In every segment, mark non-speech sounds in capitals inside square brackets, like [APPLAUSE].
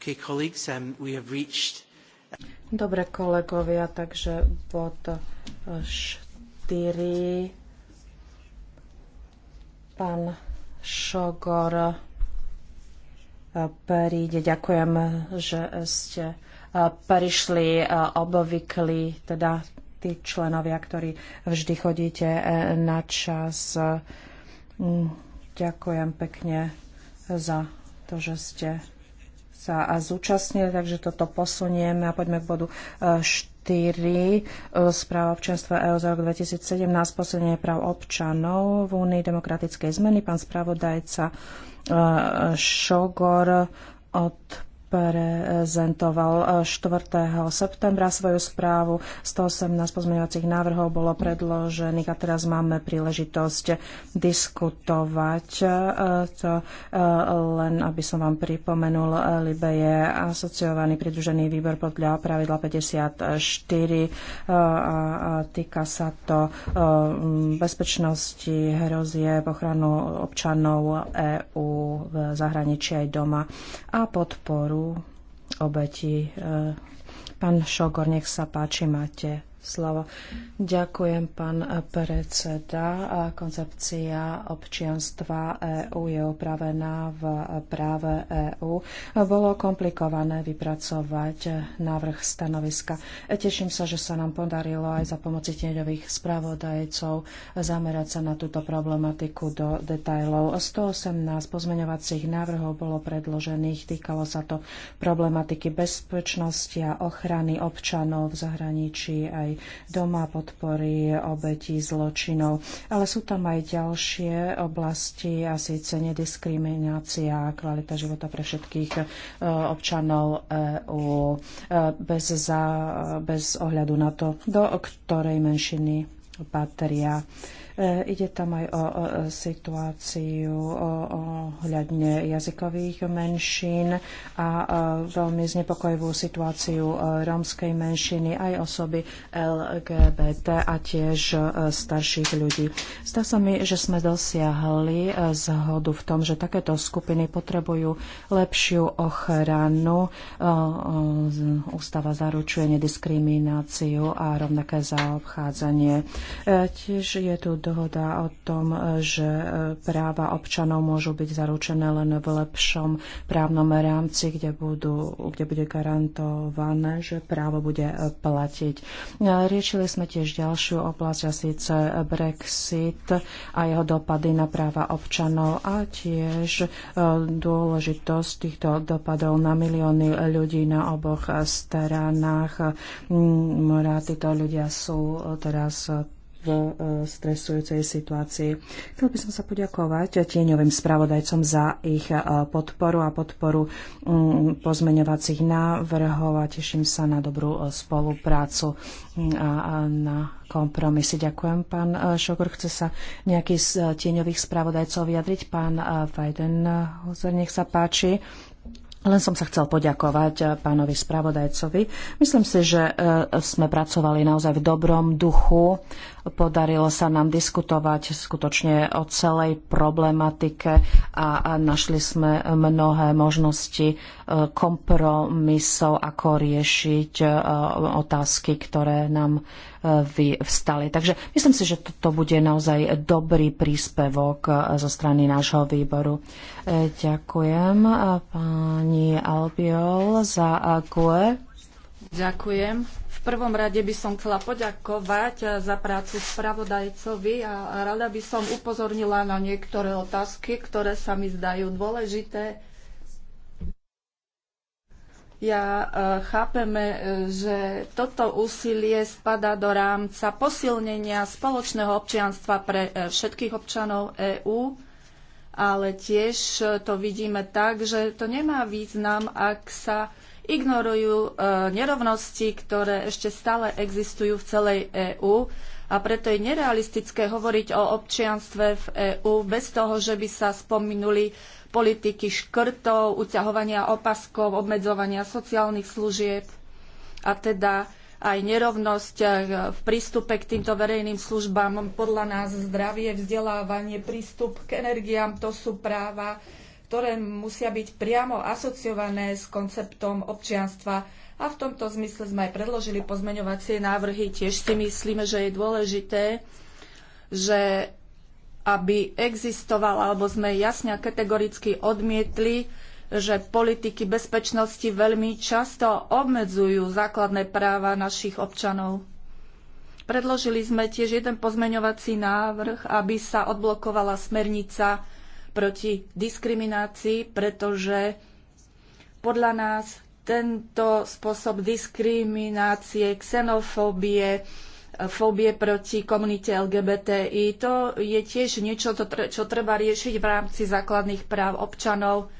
Okay, colleagues, um, we have reached... Uh, Dobre kolegovia, takže bod 4. Uh, Pán Šogor uh, príde. Ďakujem, že ste prišli obvykli, teda tí členovia, ktorí vždy chodíte na čas. Mm, ďakujem pekne za to, že ste sa zúčastnili, takže toto posunieme a poďme k bodu 4. E, e, správa občanstva EU za rok 2017, posunie práv občanov v Únii demokratickej zmeny. Pán spravodajca e, Šogor od prezentoval 4. E, septembra svoju správu. 118 pozmeňovacích návrhov bolo predložených a teraz máme príležitosť diskutovať. E, to e, len, aby som vám pripomenul, Libe je asociovaný pridružený výbor podľa pravidla 54 a týka sa to bezpečnosti, hrozie, ochranu občanov EÚ v zahraničí aj doma a podporu obeti. E, pán Šogor, nech sa páči, máte slovo. Ďakujem, pán predseda. Koncepcia občianstva EÚ je upravená v práve EÚ. Bolo komplikované vypracovať návrh stanoviska. Teším sa, že sa nám podarilo aj za pomoci tieňových spravodajcov zamerať sa na túto problematiku do detajlov. 118 pozmeňovacích návrhov bolo predložených. Týkalo sa to problematiky bezpečnosti a ochrany občanov v zahraničí aj aj doma podpory obetí zločinov. Ale sú tam aj ďalšie oblasti a síce nediskriminácia a kvalita života pre všetkých e, občanov EÚ e, bez, za, bez ohľadu na to, do ktorej menšiny patria. E, ide tam aj o situáciu ohľadne jazykových menšín a veľmi znepokojivú situáciu e, rómskej menšiny, aj osoby LGBT a tiež e, starších ľudí. Zdá sa mi, že sme dosiahli zhodu v tom, že takéto skupiny potrebujú lepšiu ochranu. Ústava zaručuje nediskrimináciu a rovnaké zaobchádzanie. Tiež je tu do dohoda o tom, že e, práva občanov môžu byť zaručené len v lepšom právnom rámci, kde, budú, kde bude garantované, že právo bude e, platiť. E, riešili sme tiež ďalšiu oblasť, a síce Brexit a jeho dopady na práva občanov a tiež dôležitosť týchto dopadov na milióny ľudí na oboch stranách. Títo ľudia sú teraz v e, stresujúcej situácii. Chcel by som sa poďakovať tieňovým spravodajcom za ich e, podporu a podporu mm, pozmeňovacích návrhov a teším sa na dobrú e, spoluprácu mm, a na kompromisy. Ďakujem, pán Šokor. Chce sa nejaký z tieňových spravodajcov vyjadriť? Pán Fajden, nech sa páči. Len som sa chcel poďakovať pánovi spravodajcovi. Myslím si, že sme pracovali naozaj v dobrom duchu Podarilo sa nám diskutovať skutočne o celej problematike a našli sme mnohé možnosti e, kompromisov, ako riešiť e, otázky, ktoré nám e, vstali. Takže myslím si, že toto bude naozaj dobrý príspevok zo strany nášho výboru. Ďakujem pani Albiol za QE. Ďakujem prvom rade by som chcela poďakovať eh, za prácu spravodajcovi a rada by som upozornila na niektoré otázky, ktoré sa mi zdajú dôležité. Ja eh, chápeme, eh, že toto úsilie spada do rámca posilnenia spoločného občianstva pre všetkých občanov EÚ, ale tiež to vidíme tak, že to nemá význam, ak sa ignorujú e, nerovnosti, ktoré ešte stále existujú v celej EÚ a preto je nerealistické hovoriť o občianstve v EÚ bez toho, že by sa spomenuli politiky škrtov, uťahovania opaskov, obmedzovania sociálnych služieb a teda aj nerovnosť e, v prístupe k týmto verejným službám. Podľa nás zdravie, vzdelávanie, prístup k energiám, to sú práva, ktoré musia byť priamo asociované s konceptom občianstva. A v tomto zmysle sme aj predložili pozmeňovacie návrhy. Tiež si myslíme, že je dôležité, že aby existoval, alebo sme jasne a kategoricky odmietli, že politiky bezpečnosti veľmi často obmedzujú základné práva našich občanov. Predložili sme tiež jeden pozmeňovací návrh, aby sa odblokovala smernica proti diskriminácii, pretože podľa nás tento spôsob diskriminácie, xenofóbie, fóbie proti komunite LGBTI, to je tiež niečo, čo treba riešiť v rámci základných práv občanov.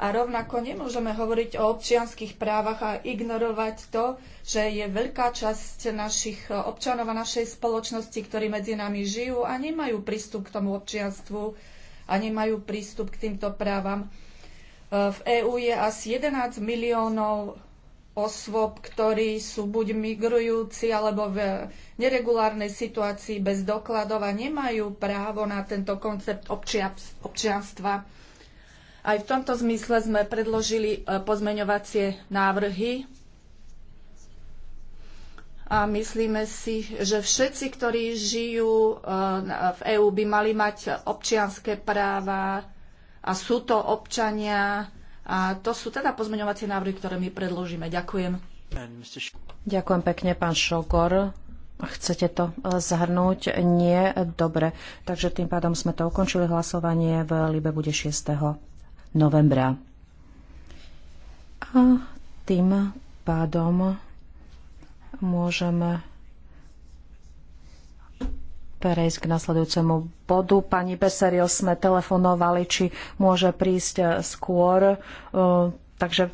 A rovnako nemôžeme hovoriť o občianských právach a ignorovať to, že je veľká časť našich občanov a našej spoločnosti, ktorí medzi nami žijú a nemajú prístup k tomu občianstvu, a nemajú prístup k týmto právam. V EÚ je asi 11 miliónov osôb, ktorí sú buď migrujúci alebo v neregulárnej situácii bez dokladov a nemajú právo na tento koncept občianstva. Aj v tomto zmysle sme predložili e, pozmeňovacie návrhy a myslíme si, že všetci, ktorí žijú eh, v EÚ, by mali mať občianské práva a sú to občania. A to sú teda pozmeňovacie návrhy, ktoré my predložíme. Ďakujem. Ďakujem pekne, pán Šogor. Chcete to eh, zahrnúť? Nie? Dobre. Takže tým pádom sme to ukončili. Hlasovanie v Libe bude 6. novembra. A tým pádom môžeme prejsť k nasledujúcemu bodu. Pani Beserio sme telefonovali, či môže prísť eh, skôr. Eh, takže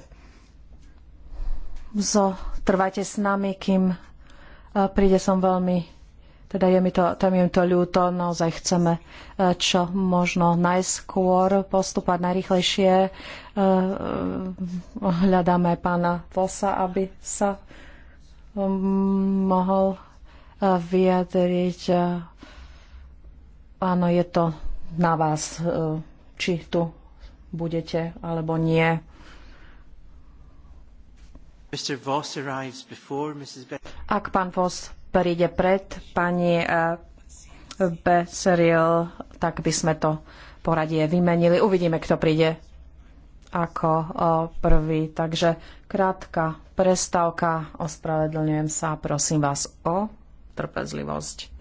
zo, trvajte s nami, kým eh, príde som veľmi teda je mi to, tam je mi to ľúto, naozaj chceme čo možno najskôr postupať najrychlejšie. Hľadáme pána Vosa, aby sa mohol eh, vyjadriť. Eh, áno, je to na vás, eh, či tu budete alebo nie. Ak pán Voss príde pred pani Becerril, tak by sme to poradie vymenili. Uvidíme, kto príde ako prvý. Takže krátka Prestávka, ospravedlňujem sa, prosím vás o trpezlivosť.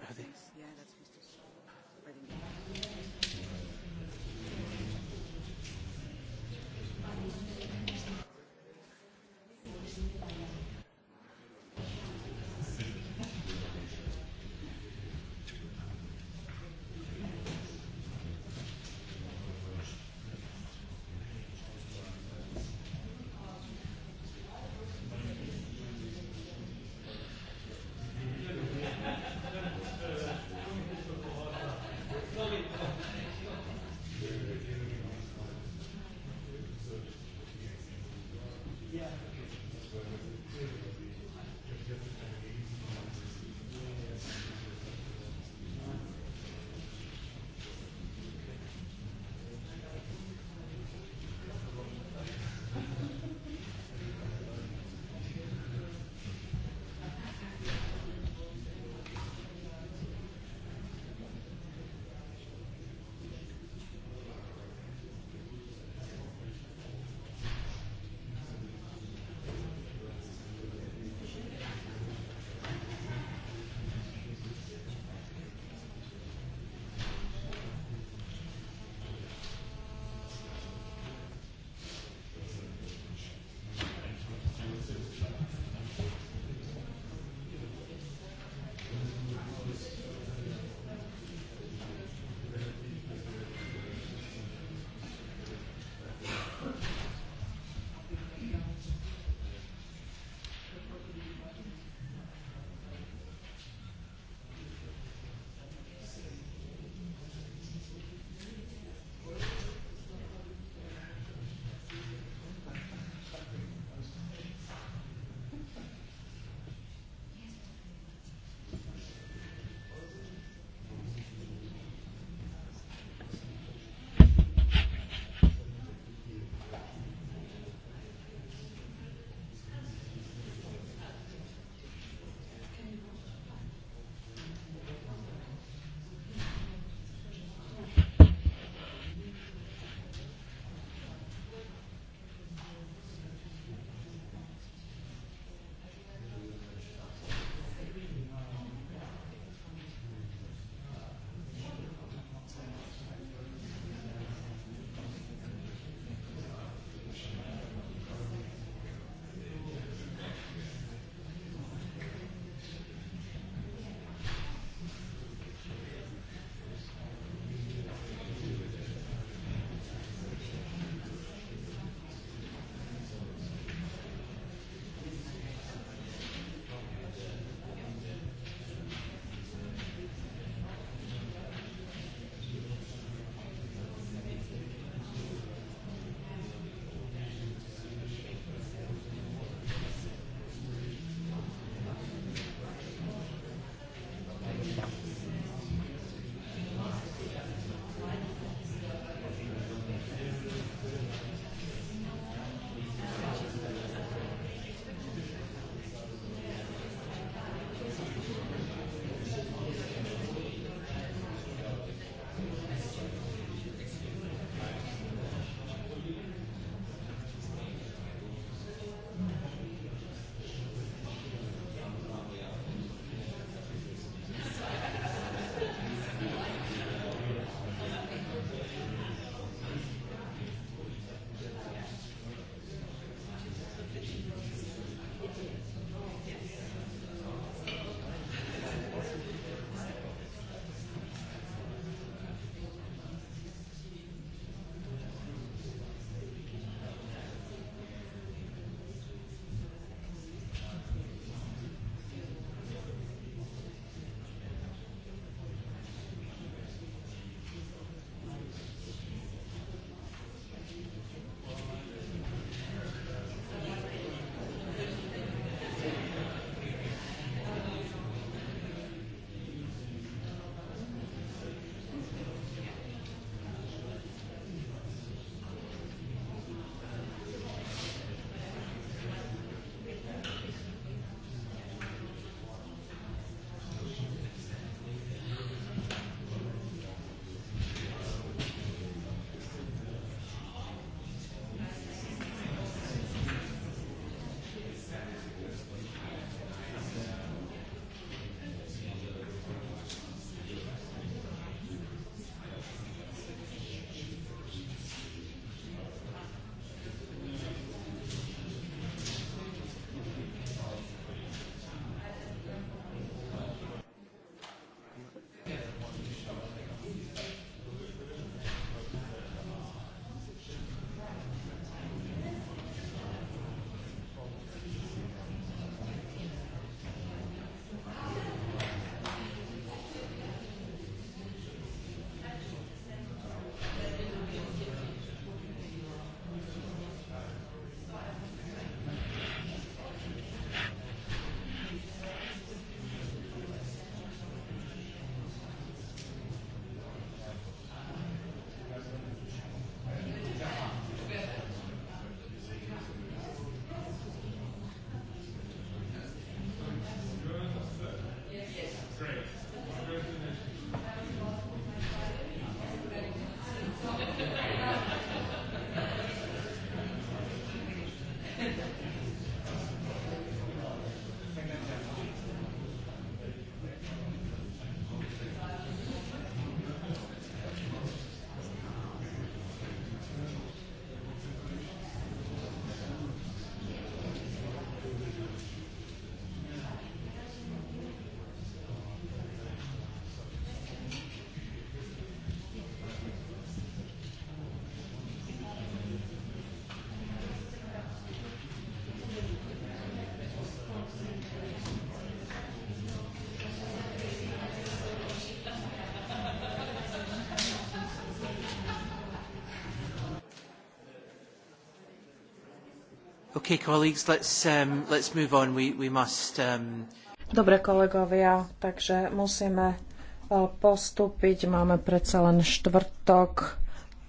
Okay, colleagues, let's, um, let's move on. We, we must, um... Dobre kolegovia, takže musíme uh, postúpiť. Máme predsa len štvrtok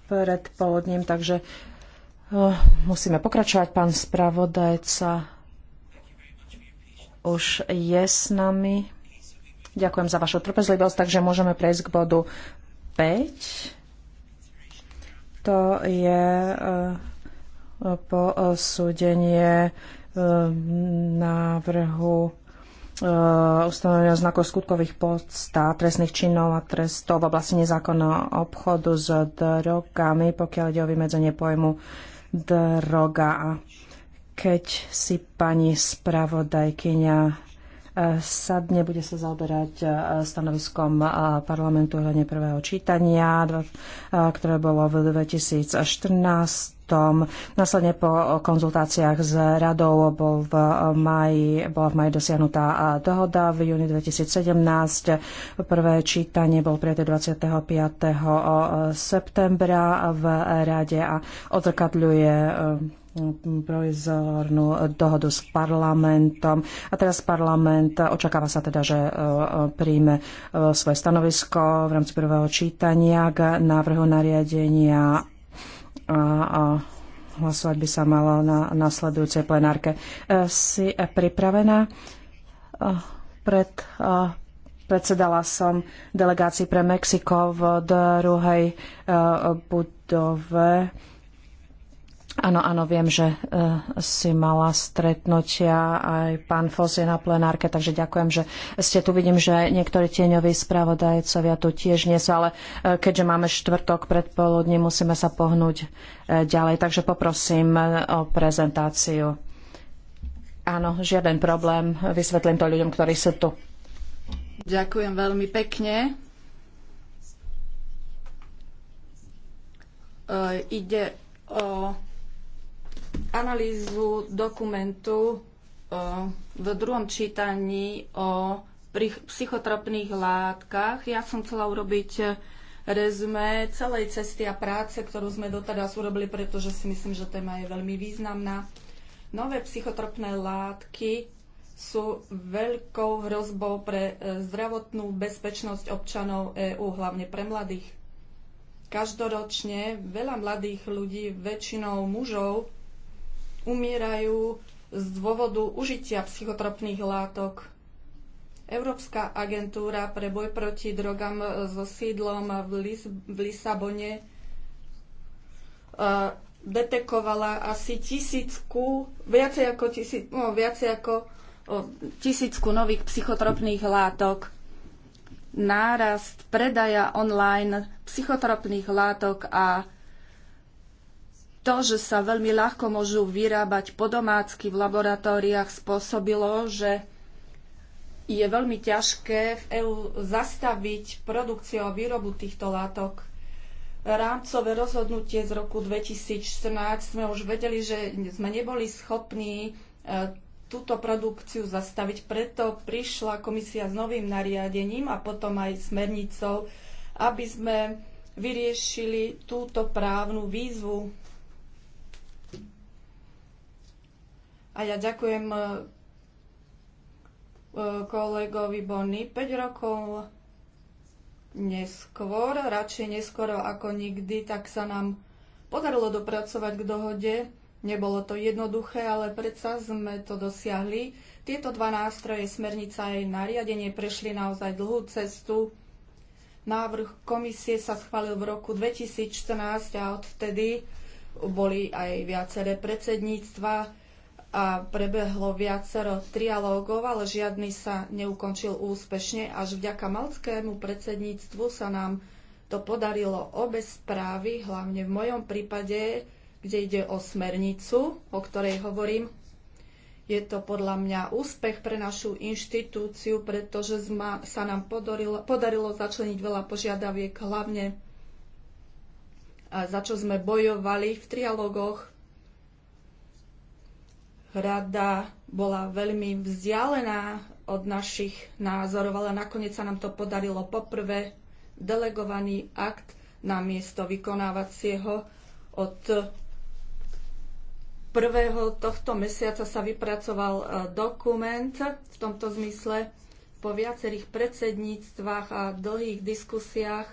pred poludním, takže uh, musíme pokračovať. Pán spravodajca už je s nami. Ďakujem za vašu trpezlivosť, takže môžeme prejsť k bodu 5. To je uh, posúdenie eh, návrhu eh, ustanovenia znakov skutkových podstá, trestných činov a trestov v oblasti nezákonného obchodu s drogami, pokiaľ ide o vymedzenie pojmu droga. A keď si pani spravodajkyňa eh, sadne, bude sa zaoberať stanoviskom parlamentu hľadne prvého čítania, ktoré bolo v 2014 potom následne po konzultáciách s radou bol v maji, bola v maji dosiahnutá dohoda v júni 2017. Prvé čítanie bol prijaté 25. septembra v rade a odzrkadľuje mm, provizornú dohodu s parlamentom. A teraz parlament očakáva sa teda, že e, príjme e, svoje stanovisko v rámci prvého čítania k návrhu nariadenia a, a hlasovať by sa malo na nasledujúcej plenárke. E, si pripravená? E, pred, e, predsedala som delegácii pre Mexiko v druhej budove Áno, áno, viem, že e, si mala stretnutia aj pán Fos je na plenárke, takže ďakujem, že ste tu. Vidím, že niektorí tieňoví spravodajcovia tu tiež nie sú, ale e, keďže máme štvrtok predpoludní, musíme sa pohnúť e, ďalej. Takže poprosím o prezentáciu. Áno, žiaden problém. Vysvetlím to ľuďom, ktorí sú tu. Ďakujem veľmi pekne. Ide o analýzu dokumentu eh, v druhom čítaní o psychotropných látkach. Ja som chcela urobiť eh, rezume celej cesty a práce, ktorú sme doteraz urobili, pretože si myslím, že téma je veľmi významná. Nové psychotropné látky sú veľkou hrozbou pre eh, zdravotnú bezpečnosť občanov EÚ, hlavne pre mladých. Každoročne veľa mladých ľudí, väčšinou mužov, umierajú z dôvodu užitia psychotropných látok. Európska agentúra pre boj proti drogám so sídlom v, Lis- v Lisabone uh, detekovala asi tisícku, viacej ako, tisíc, no, viacej ako o, tisícku nových psychotropných látok. Nárast predaja online psychotropných látok a to, že sa veľmi ľahko môžu vyrábať podomácky v laboratóriách, spôsobilo, že je veľmi ťažké v EÚ zastaviť produkciu a výrobu týchto látok. Rámcové rozhodnutie z roku 2014 sme už vedeli, že sme neboli schopní e, túto produkciu zastaviť, preto prišla komisia s novým nariadením a potom aj smernicou, aby sme vyriešili túto právnu výzvu A ja ďakujem e, e, kolegovi Bonny 5 rokov neskôr, radšej neskoro ako nikdy, tak sa nám podarilo dopracovať k dohode. Nebolo to jednoduché, ale predsa sme to dosiahli. Tieto dva nástroje, smernica aj nariadenie, prešli naozaj dlhú cestu. Návrh komisie sa schválil v roku 2014 a odtedy boli aj viaceré predsedníctva a prebehlo viacero trialógov, ale žiadny sa neukončil úspešne. Až vďaka malckému predsedníctvu sa nám to podarilo obe správy, hlavne v mojom prípade, kde ide o smernicu, o ktorej hovorím. Je to podľa mňa úspech pre našu inštitúciu, pretože sa nám podarilo, podarilo začleniť veľa požiadaviek, hlavne za čo sme bojovali v trialógoch Rada bola veľmi vzdialená od našich názorov, ale nakoniec sa nám to podarilo poprvé delegovaný akt na miesto vykonávacieho od prvého tohto mesiaca sa vypracoval e, dokument v tomto zmysle po viacerých predsedníctvách a dlhých diskusiách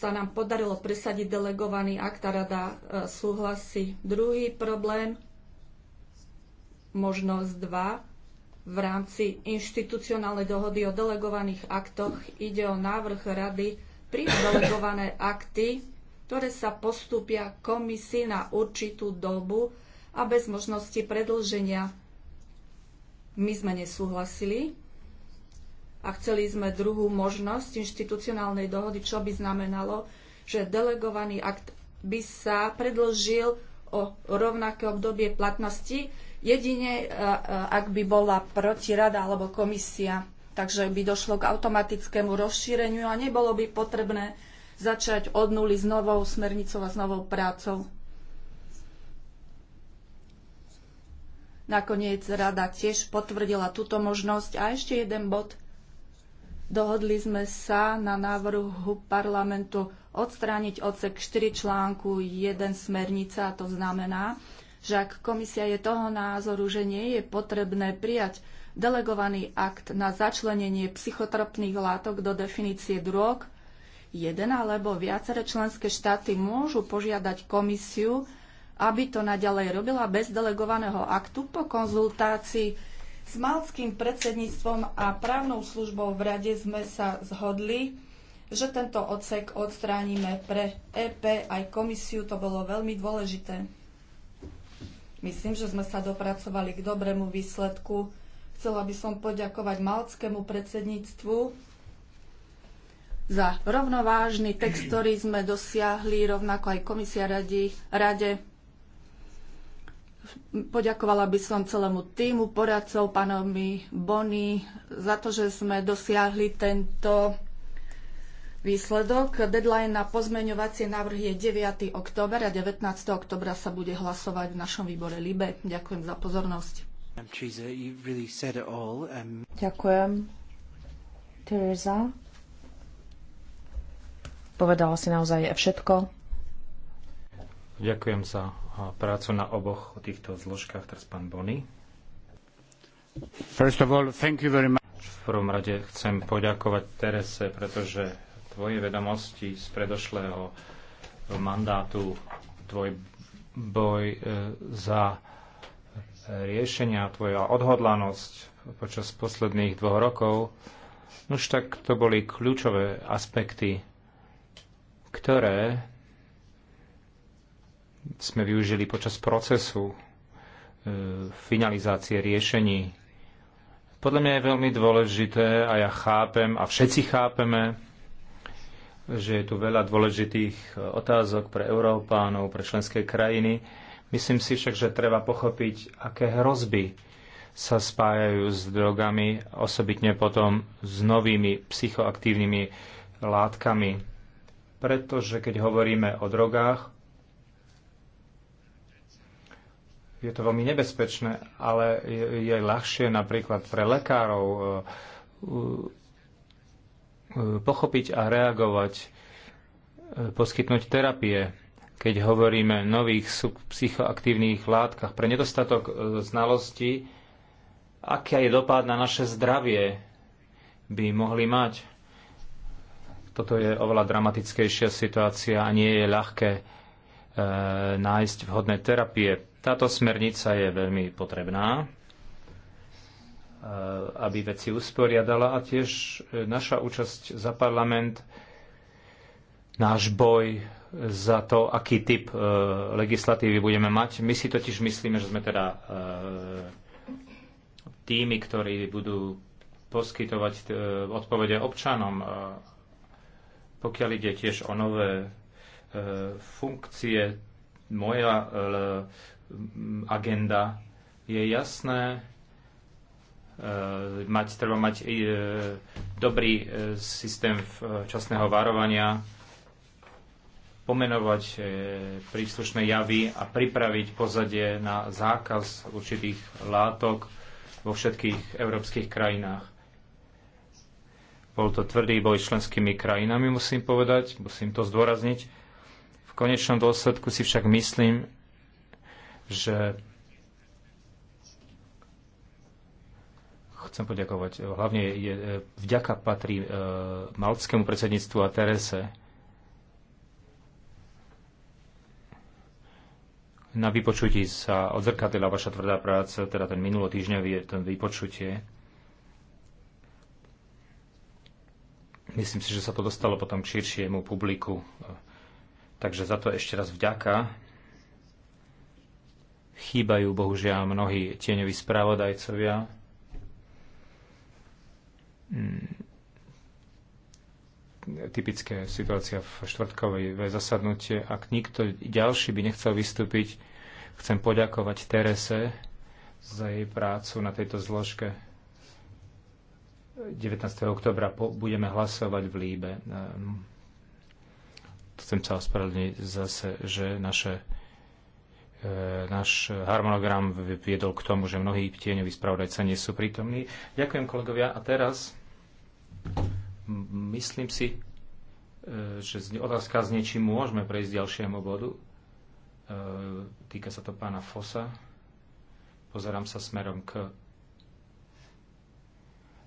sa nám podarilo presadiť delegovaný akt a rada e, súhlasí. Druhý problém Možnosť 2 v rámci inštitucionálnej dohody o delegovaných aktoch ide o návrh rady prijať [COUGHS] delegované akty, ktoré sa postupia komisii na určitú dobu a bez možnosti predlženia. My sme nesúhlasili a chceli sme druhú možnosť inštitucionálnej dohody, čo by znamenalo, že delegovaný akt by sa predlžil o rovnaké obdobie platnosti, jedine e, e, ak by bola proti rada alebo komisia. Takže by došlo k automatickému rozšíreniu a nebolo by potrebné začať od nuly s novou smernicou a s novou prácou. Nakoniec rada tiež potvrdila túto možnosť. A ešte jeden bod. Dohodli sme sa na návrhu parlamentu odstrániť odsek 4 článku 1 smernica, a to znamená, že ak komisia je toho názoru, že nie je potrebné prijať delegovaný akt na začlenenie psychotropných látok do definície drog, jeden alebo viaceré členské štáty môžu požiadať komisiu, aby to naďalej robila bez delegovaného aktu po konzultácii s malským predsedníctvom a právnou službou v rade sme sa zhodli, že tento odsek odstránime pre EP aj komisiu. To bolo veľmi dôležité. Myslím, že sme sa dopracovali k dobrému výsledku. Chcela by som poďakovať malckému predsedníctvu za rovnovážny text, ktorý sme dosiahli, rovnako aj komisia radi, rade. Poďakovala by som celému týmu poradcov, pánovi Bony, za to, že sme dosiahli tento Výsledok, deadline na pozmeňovacie návrhy je 9. október a 19. oktobra sa bude hlasovať v našom výbore LIBE. Ďakujem za pozornosť. Um, um, Ďakujem. Teresa, povedala si naozaj všetko. Ďakujem za prácu na oboch týchto zložkách. Teraz pán Bonny. V prvom rade chcem poďakovať Terese, pretože tvoje vedomosti z predošlého mandátu, tvoj boj e, za riešenia, tvoja odhodlanosť počas posledných dvoch rokov. Už tak to boli kľúčové aspekty, ktoré sme využili počas procesu e, finalizácie riešení. Podľa mňa je veľmi dôležité a ja chápem a všetci chápeme, že je tu veľa dôležitých e, otázok pre Európánov, pre členské krajiny. Myslím si však, že treba pochopiť, aké hrozby sa spájajú s drogami, osobitne potom s novými psychoaktívnymi látkami. Pretože keď hovoríme o drogách, je to veľmi nebezpečné, ale je, je ľahšie napríklad pre lekárov e, E, pochopiť a reagovať, e, poskytnúť terapie, keď hovoríme o nových psychoaktívnych látkach, pre nedostatok e, znalostí, aký je dopad na naše zdravie by mohli mať. Toto je oveľa dramatickejšia situácia a nie je ľahké e, nájsť vhodné terapie. Táto smernica je veľmi potrebná. Eh, aby veci usporiadala a tiež eh, naša účasť za parlament, náš boj za to, aký typ eh, legislatívy budeme mať. My si totiž myslíme, že sme teda tými, ktorí budú poskytovať odpovede občanom, pokiaľ ide tiež o nové funkcie, moja agenda je jasné, Eh, mať, treba mať e, dobrý e, systém časného varovania, pomenovať e, príslušné javy a pripraviť pozadie na zákaz určitých látok vo všetkých európskych krajinách. Bol to tvrdý boj s členskými krajinami, musím povedať, musím to zdôrazniť. V konečnom dôsledku si však myslím, že Chcem poďakovať. Hlavne je, e, vďaka patrí e, maltskému predsedníctvu a Terese. Na vypočutí sa odzrkadlila vaša tvrdá práca, teda ten minulotýždňový ten vypočutie. Myslím si, že sa to dostalo potom k širšiemu publiku. Takže za to ešte raz vďaka. Chýbajú bohužiaľ mnohí tieňoví správodajcovia. Mm. typické situácia v štvrtkovej zasadnutie. Ak nikto ďalší by nechcel vystúpiť, chcem poďakovať Terese za jej prácu na tejto zložke. 19. oktobra budeme hlasovať v Líbe. Ehm, chcem sa ospravedlniť zase, že naše E, náš harmonogram viedol k tomu, že mnohí tieňoví spravodajca nie sú prítomní. Ďakujem kolegovia a teraz myslím si, e, že otázka z niečím môžeme prejsť ďalšiemu bodu. E, týka sa to pána Fosa. Pozerám sa smerom k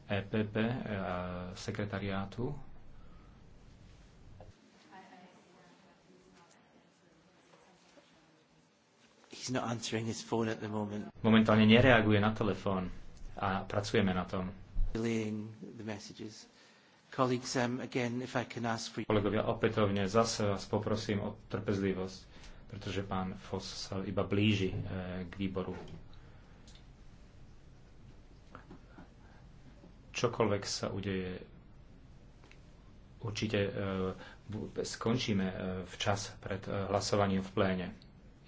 EPP a sekretariátu. Momentálne nereaguje na telefón a pracujeme na tom. Um, Kolegovia, opätovne zase vás poprosím o trpezlivosť, pretože pán Foss sa iba blíži eh, k výboru. Čokoľvek sa udeje, určite eh, skončíme eh, včas pred hlasovaním v pléne.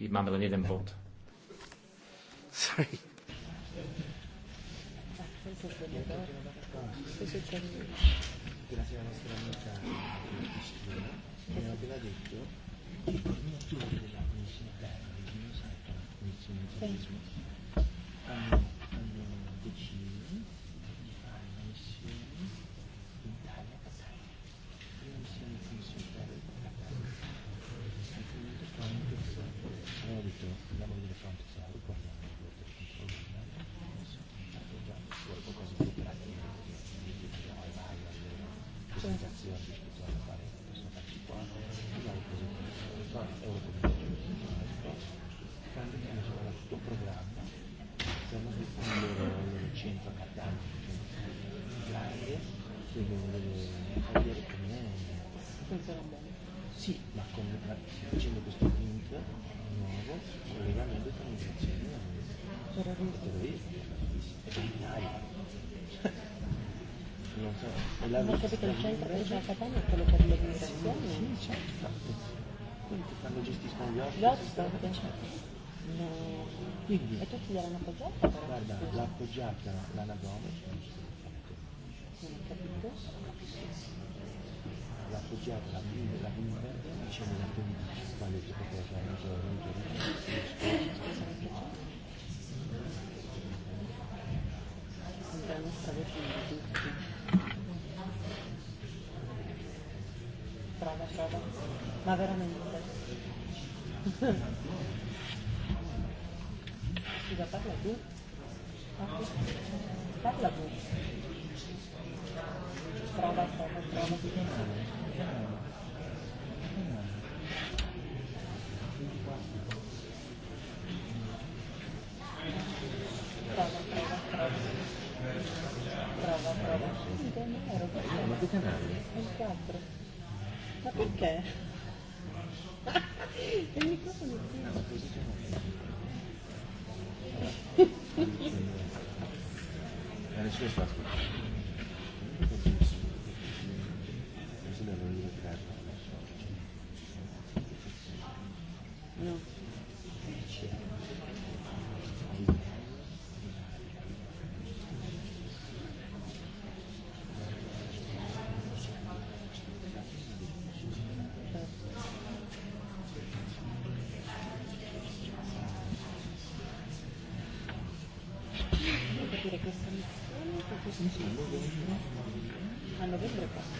Máme len jeden bod. Sorry. Grazie alla nostra amica Cristina, che detto senza la Sì, ma con, facendo questo link nuovo, collegamento e con le varie determinazioni, sarà visto. È binario. [LAUGHS] Non so, è la Ma capito, il centro che c'è a Catania è quello per le migrazioni? Sì, sì certo. Quindi che fanno gestiscono gli ospiti. Gli ospiti? Certo. No. Quindi, e tutti gliel'hanno appoggiata? Guarda, l'ha appoggiata l'anagoma. Non ho capito la appoggiate, la vive, la converte, diciamo la politica, quando si può fare la sua vita, la Brava, brava, ma veramente. Scusa, parla tu? Parla tu. Brava, brava, brava. anni. Quattro. Ma perché? Il microfono è pieno.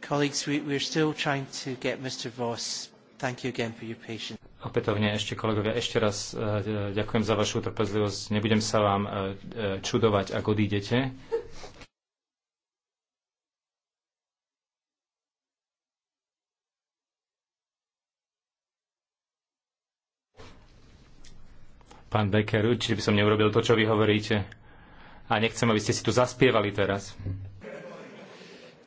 Colleagues, we, we're still trying to get Mr. Voss. Thank you again for your patience. Opätovne ešte kolegovia, ešte raz eh, ďakujem za vašu trpezlivosť. Nebudem sa vám eh, eh, čudovať, ak odídete. Pán Becker, určite by som neurobil to, čo vy hovoríte. A nechcem, aby ste si tu zaspievali teraz.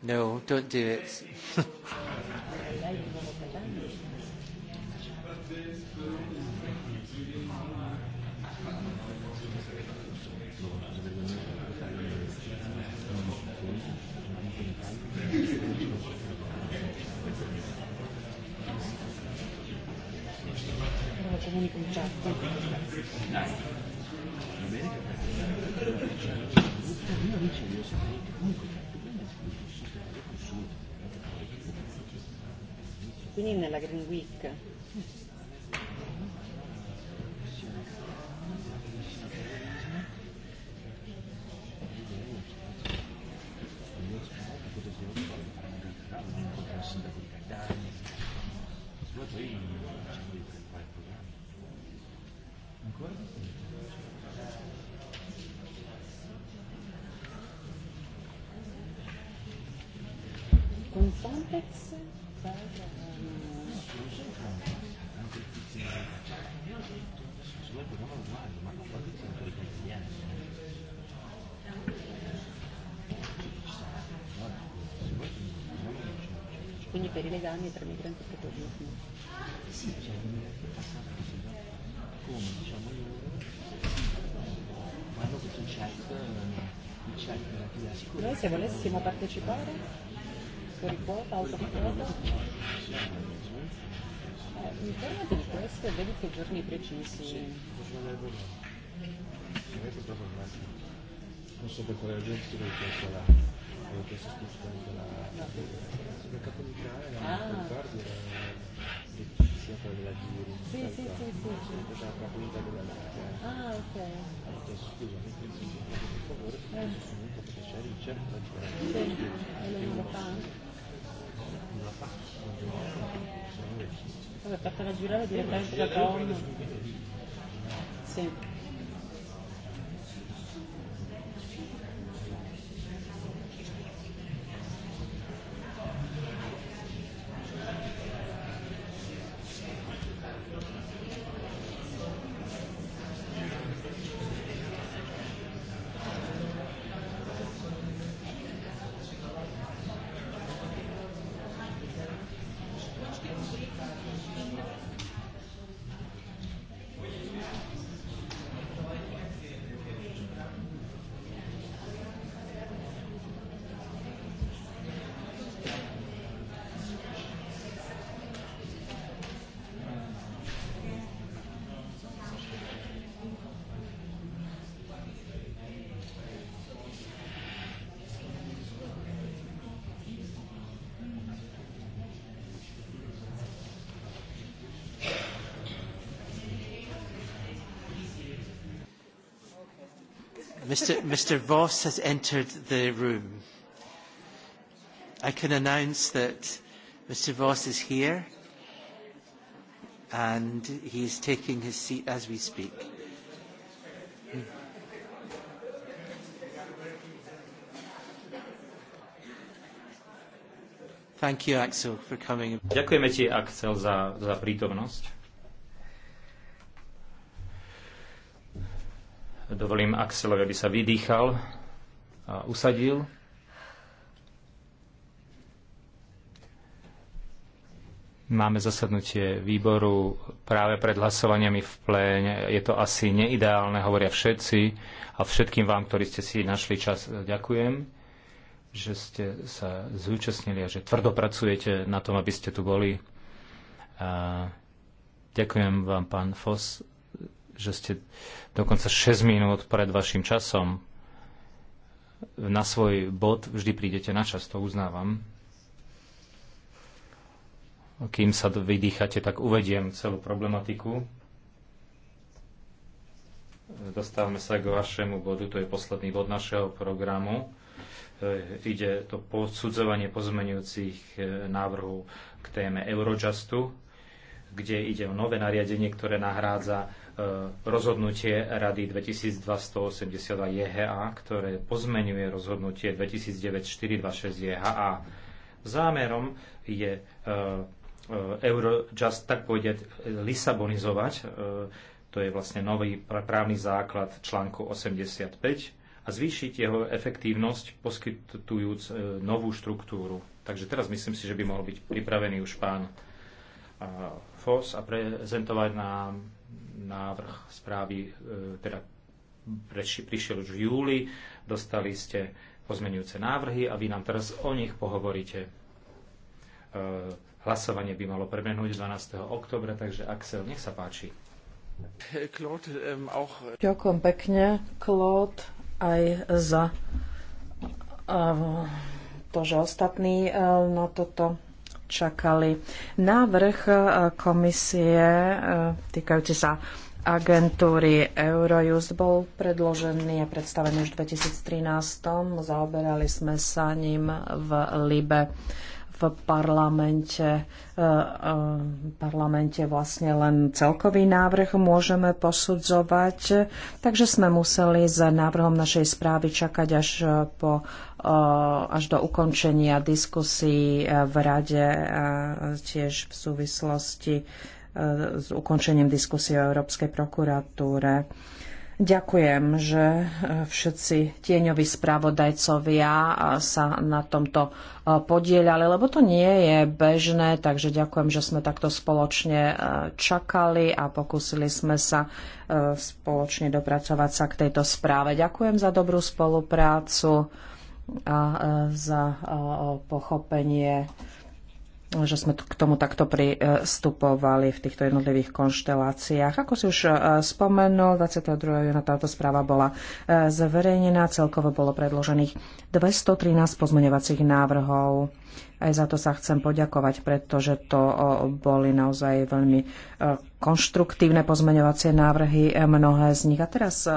No, don't do it. [LAUGHS] quindi nella Green Week. Con Frontex? Quindi per i legami tra e migranti e terrorismo. Sì, cioè, come diciamo loro, quando questo chat, eh, il chat della sicura. Noi se volessimo partecipare, fuori quota, autoquota. Informative questo vedi che giorni precisi. Non so per quale ragione ti devo chiesto la. Avevo chiesto la. Il capo di la ricordi era sia quella della Giri. Sì, sì, sì, sì. della Lega. Ah, ok. Ho scusa, mi pensi per favore, comunque perché c'è Richard, la Giri. Sì, e lui non lo fa. Non la fa, non lo fa, sono vecchi. Vabbè, per la girare direttamente da Tom. Sì. Mr. Mr. Voss has entered the room. I can announce that Mr. Voss is here and he is taking his seat as we speak. Thank you, Axel, for coming. Ďakujeme ti, Axel, za, za prítomnosť. Dovolím Axelovi, aby sa vydýchal a usadil. Máme zasadnutie výboru práve pred hlasovaniami v pléne. Je to asi neideálne, hovoria všetci. A všetkým vám, ktorí ste si našli čas, ďakujem, že ste sa zúčastnili a že tvrdo pracujete na tom, aby ste tu boli. A ďakujem vám, pán Foss, že ste dokonca 6 minút pred vašim časom na svoj bod vždy prídete na čas, to uznávam. Kým sa vydýchate, tak uvediem celú problematiku. Dostávame sa k vašemu bodu, to je posledný bod našeho programu e, ide to posudzovanie pozmenujúcich e, návrhov k téme Eurojustu, kde ide o nové nariadenie, ktoré nahrádza E, rozhodnutie Rady 2282 JHA, ktoré pozmenuje rozhodnutie 2009426 JHA. Zámerom je e, e, Eurojust tak povedať lisabonizovať, to je vlastne nový právny základ článku 85, a zvýšiť jeho efektívnosť, poskytujúc novú štruktúru. Takže teraz myslím si, že by mohol byť pripravený už pán FOS a prezentovať nám návrh správy e, teda prišiel už v júli, dostali ste pozmenujúce návrhy a vy nám teraz o nich pohovoríte. E, hlasovanie by malo prebehnúť 12. oktobra, takže Axel, nech sa páči. Ďakujem pekne, Claude, aj za e, to, že ostatní na toto čakali. Návrh e, komisie e, týkajúci sa agentúry Eurojust bol predložený a predstavený už v 2013. Zaoberali sme sa ním v Libe v parlamente, e, e, v parlamente vlastne len celkový návrh môžeme posudzovať, takže sme museli s návrhom našej správy čakať až po e, až do ukončenia diskusí v rade tiež v súvislosti s ukončením diskusie o Európskej prokuratúre. Ďakujem, že e, všetci tieňoví spravodajcovia e, sa na tomto e, podielali, lebo to nie je bežné, takže ďakujem, že sme takto spoločne čakali a pokúsili sme sa spoločne dopracovať sa k tejto správe. Ďakujem za dobrú spoluprácu a za pochopenie že sme k tomu takto pristupovali v týchto jednotlivých konšteláciách. Ako si už e, spomenul, 22. júna táto správa bola e, zverejnená, celkovo bolo predložených 213 pozmeňovacích návrhov. Aj za to sa chcem poďakovať, pretože to boli naozaj veľmi e, konštruktívne pozmeňovacie návrhy, e, mnohé z nich. A teraz e,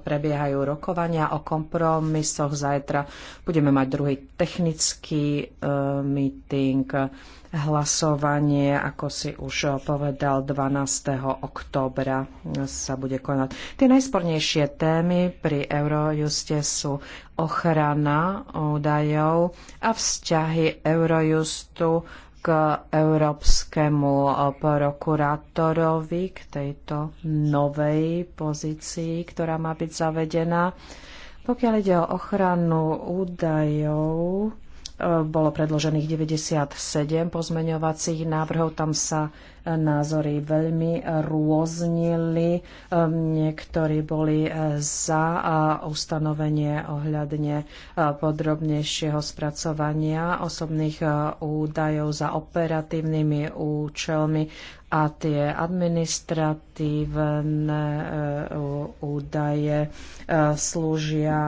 prebiehajú rokovania o kompromisoch. Zajtra budeme mať druhý technický meeting hlasovanie, ako si už povedal, 12. októbra sa bude konať. Tie najspornejšie témy pri Eurojuste sú ochrana údajov a vzťahy Eurojustu k európskemu prokurátorovi, k tejto novej pozícii, ktorá má byť zavedená. Pokiaľ ide o ochranu údajov, bolo predložených 97 pozmeňovacích návrhov, tam sa názory veľmi rôznili. Ehm, niektorí boli e, za ustanovenie ohľadne e, podrobnejšieho spracovania osobných e, údajov za operatívnymi účelmi a tie administratívne údaje slúžia,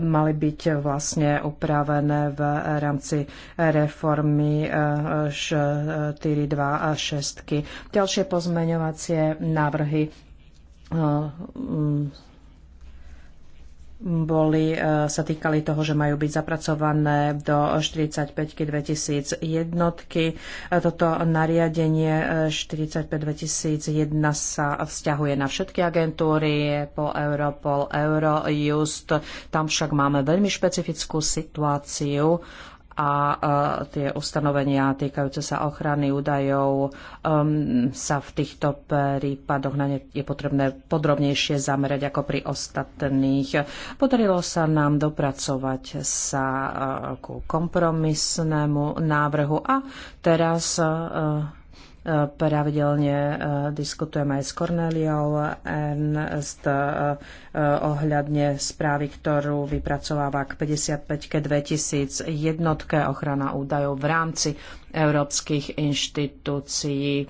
mali byť vlastne upravené v rámci reformy 426 Ďalšie pozmeňovacie návrhy eh, boli, eh, sa týkali toho, že majú byť zapracované do 45 2000 jednotky. Eh, toto nariadenie 45 2001 sa vzťahuje na všetky agentúry, po Europol, Eurojust. Tam však máme veľmi špecifickú situáciu a e, tie ustanovenia týkajúce sa ochrany údajov e, sa v týchto prípadoch na ne je potrebné podrobnejšie zamerať ako pri ostatných. Podarilo sa nám dopracovať sa e, ku kompromisnému návrhu a teraz Pravidelne e, diskutujeme aj s Corneliou Ernst e, e, ohľadne správy, ktorú vypracováva k 55 2000 jednotke ochrana údajov v rámci európskych inštitúcií.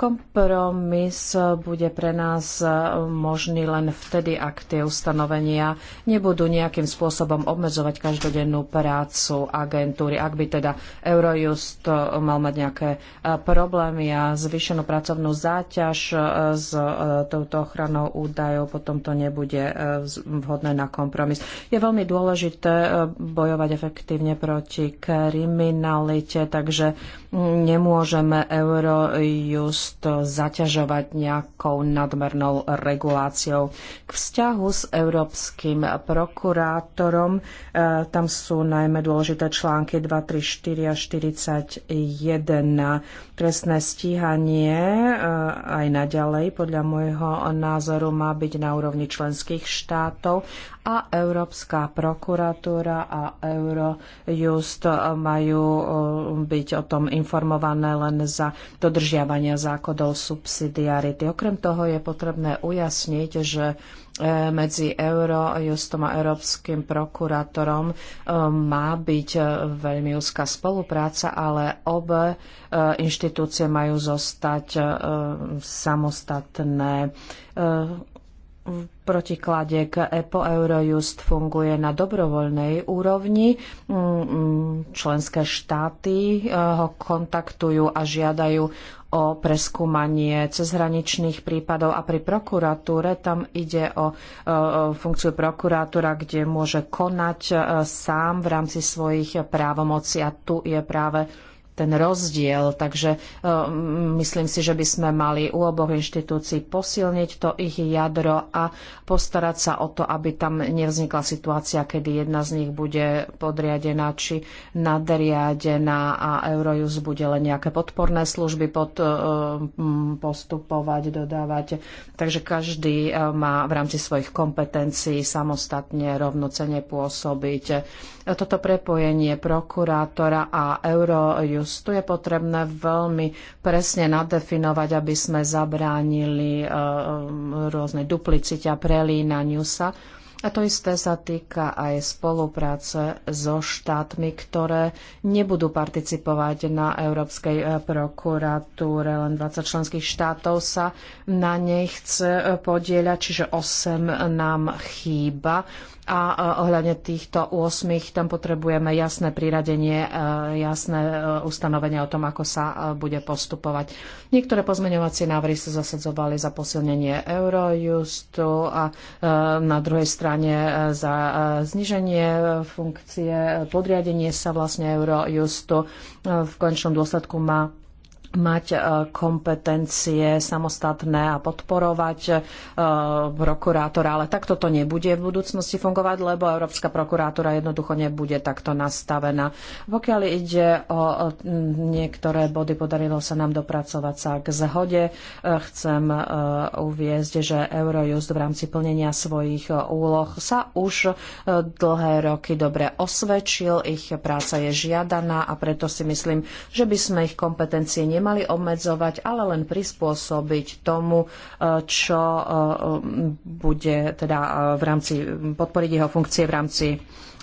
Kompromis bude pre nás možný len vtedy, ak tie ustanovenia nebudú nejakým spôsobom obmedzovať každodennú prácu agentúry. Ak by teda Eurojust mal mať nejaké e, problémy a zvýšenú pracovnú záťaž e, s e, touto ochranou údajov, potom to nebude vhodné na kompromis. Je veľmi dôležité bojovať efektívne proti kriminalite, takže nemôžeme Eurojust dosť zaťažovať nejakou nadmernou reguláciou. K vzťahu s európskym prokurátorom e, tam sú najmä dôležité články 2, 3, 4 a 41. Trestné stíhanie e, aj naďalej podľa môjho názoru má byť na úrovni členských štátov a Európska prokuratúra a Eurojust majú e, byť o tom informované len za dodržiavania zákona ako do subsidiarity. Okrem toho je potrebné ujasniť, že e, medzi Eurojustom a Európskym prokurátorom e, má byť e, veľmi úzká spolupráca, ale obe inštitúcie majú zostať samostatné v protiklade k EPO Eurojust funguje na dobrovoľnej úrovni. Mm, mm, členské štáty eh, ho kontaktujú a žiadajú o preskúmanie cezhraničných prípadov a pri prokuratúre tam ide o eh, funkciu prokurátora, kde môže konať eh, sám v rámci svojich právomocí a tu je práve ten rozdiel. Takže e, myslím si, že by sme mali u oboch inštitúcií posilniť to ich jadro a postarať sa o to, aby tam nevznikla situácia, kedy jedna z nich bude podriadená či nadriadená a Eurojust bude len nejaké podporné služby pod, e, postupovať, dodávať. Takže každý e, má v rámci svojich kompetencií samostatne rovnocene pôsobiť toto prepojenie prokurátora a Eurojustu je potrebné veľmi presne nadefinovať, aby sme zabránili e, rôznej duplicite a prelínaniu sa. A to isté sa týka aj spolupráce so štátmi, ktoré nebudú participovať na Európskej e, prokuratúre. Len 20 členských štátov sa na nej chce e, podieľať, čiže 8 nám chýba. A ohľadne týchto 8 tam potrebujeme jasné priradenie, e, jasné e, ustanovenia o tom, ako sa e, bude postupovať. Niektoré pozmeňovacie návrhy sa zasadzovali za posilnenie Eurojustu a na druhej strane za zniženie funkcie, podriadenie sa vlastne Eurojustu. V končnom dôsledku má mať e, kompetencie samostatné a podporovať e, prokurátora, ale takto to nebude v budúcnosti fungovať, lebo Európska prokurátora jednoducho nebude takto nastavená. Pokiaľ ide o niektoré body, podarilo sa nám dopracovať sa k zhode. E, chcem uviezť, že Eurojust v rámci plnenia svojich úloh sa už dlhé roky dobre osvedčil, ich práca je žiadaná a preto si myslím, že by sme ich kompetencie nemali obmedzovať, ale len prispôsobiť tomu, e, čo e, bude teda e, v rámci podporiť jeho funkcie v rámci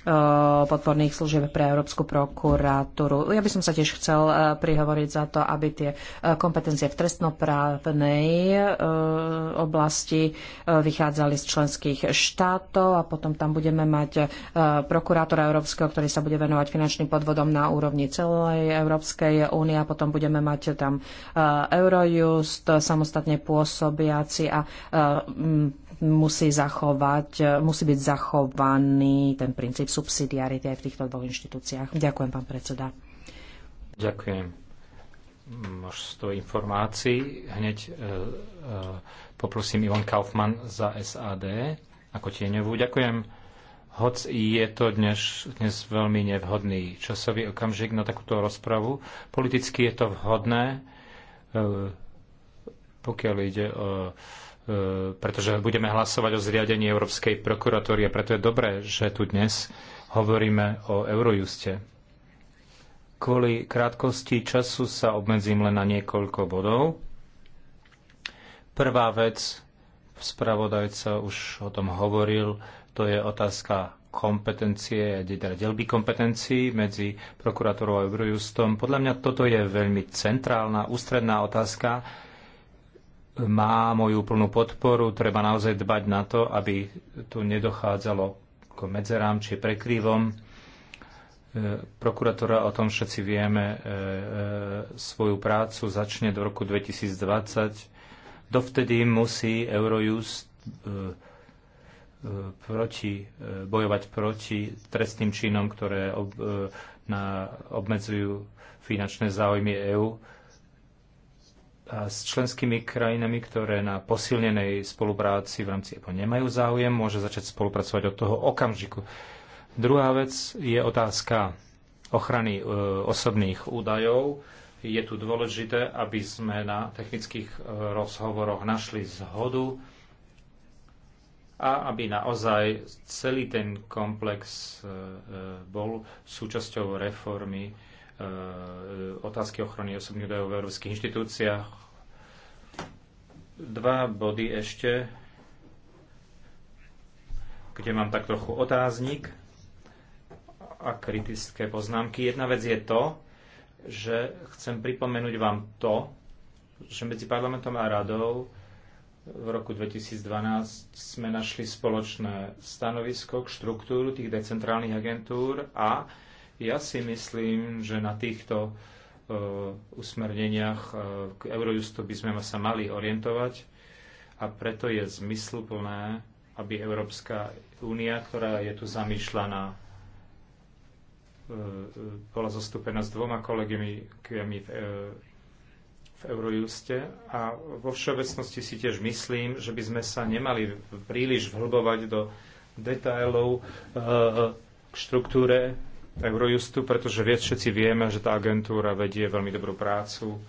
Eh, podporných služieb pre Európsku prokuratúru. Ja by som sa tiež chcel eh, prihovoriť za to, aby tie eh, kompetencie v trestnoprávnej oblasti vychádzali z členských štátov a potom tam budeme mať prokurátora európskeho, ktorý sa bude venovať finančným podvodom na úrovni celej Európskej únie a potom budeme mať tam Eurojust, samostatne pôsobiaci a musí zachovať, musí byť zachovaný ten princíp subsidiarity aj v týchto dvoch inštitúciách. Ďakujem, pán predseda. Ďakujem. Množstvo informácií. Hneď e, e, poprosím Ivan Kaufmann za SAD ako tieňovú. Ďakujem. Hoc je to dnes, dnes veľmi nevhodný časový okamžik na takúto rozpravu. Politicky je to vhodné, e, pokiaľ ide o E, pretože budeme hlasovať o zriadení Európskej prokuratúry a preto je dobré, že tu dnes hovoríme o Eurojuste. Kvôli krátkosti času sa obmedzím len na niekoľko bodov. Prvá vec, spravodajca už o tom hovoril, to je otázka kompetencie, teda delby kompetencií medzi prokurátorou a Eurojustom. Podľa mňa toto je veľmi centrálna, ústredná otázka, má moju plnú podporu. Treba naozaj dbať na to, aby tu nedochádzalo k medzerám či prekrývom. E, prokuratúra, o tom všetci vieme, e, e, svoju prácu začne do roku 2020. Dovtedy musí Eurojust proti, bojovať proti trestným činom, ktoré ob, na, obmedzujú finančné záujmy EÚ s členskými krajinami, ktoré na posilnenej spolupráci v rámci EPO nemajú záujem, môže začať spolupracovať od toho okamžiku. Druhá vec je otázka ochrany e, osobných údajov. Je tu dôležité, aby sme na technických e, rozhovoroch našli zhodu a aby naozaj celý ten komplex e, bol súčasťou reformy E, otázky ochrany osobných údajov v európskych inštitúciách. Dva body ešte, kde mám tak trochu otáznik a kritické poznámky. Jedna vec je to, že chcem pripomenúť vám to, že medzi parlamentom a radou v roku 2012 sme našli spoločné stanovisko k štruktúru tých decentrálnych agentúr a ja si myslím, že na týchto eh, usmerneniach eh, k Eurojustu by sme sa mali orientovať a preto je zmysluplné, aby Európska únia, ktorá je tu zamýšľaná, eh, bola zastúpená s dvoma kolegami v, v Eurojuste a vo všeobecnosti si tiež myslím, že by sme sa nemali príliš vhlbovať do detailov k štruktúre Eurojustu, pretože všetci vieme, že tá agentúra vedie veľmi dobrú prácu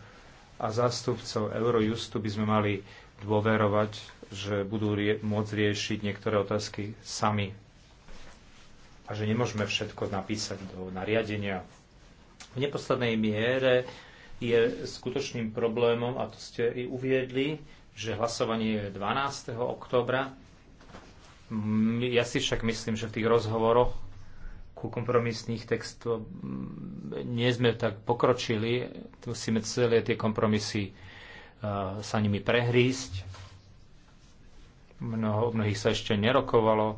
a zástupcov Eurojustu by sme mali dôverovať, že budú rie- môcť riešiť niektoré otázky sami a že nemôžeme všetko napísať do nariadenia. V neposlednej miere je skutočným problémom, a to ste i uviedli, že hlasovanie je 12. oktobra. Mm, ja si však myslím, že v tých rozhovoroch ku kompromisných textov mm, nie sme tak pokročili. Musíme celé tie kompromisy e, sa nimi prehrísť. Mnoho, mnohých sa ešte nerokovalo.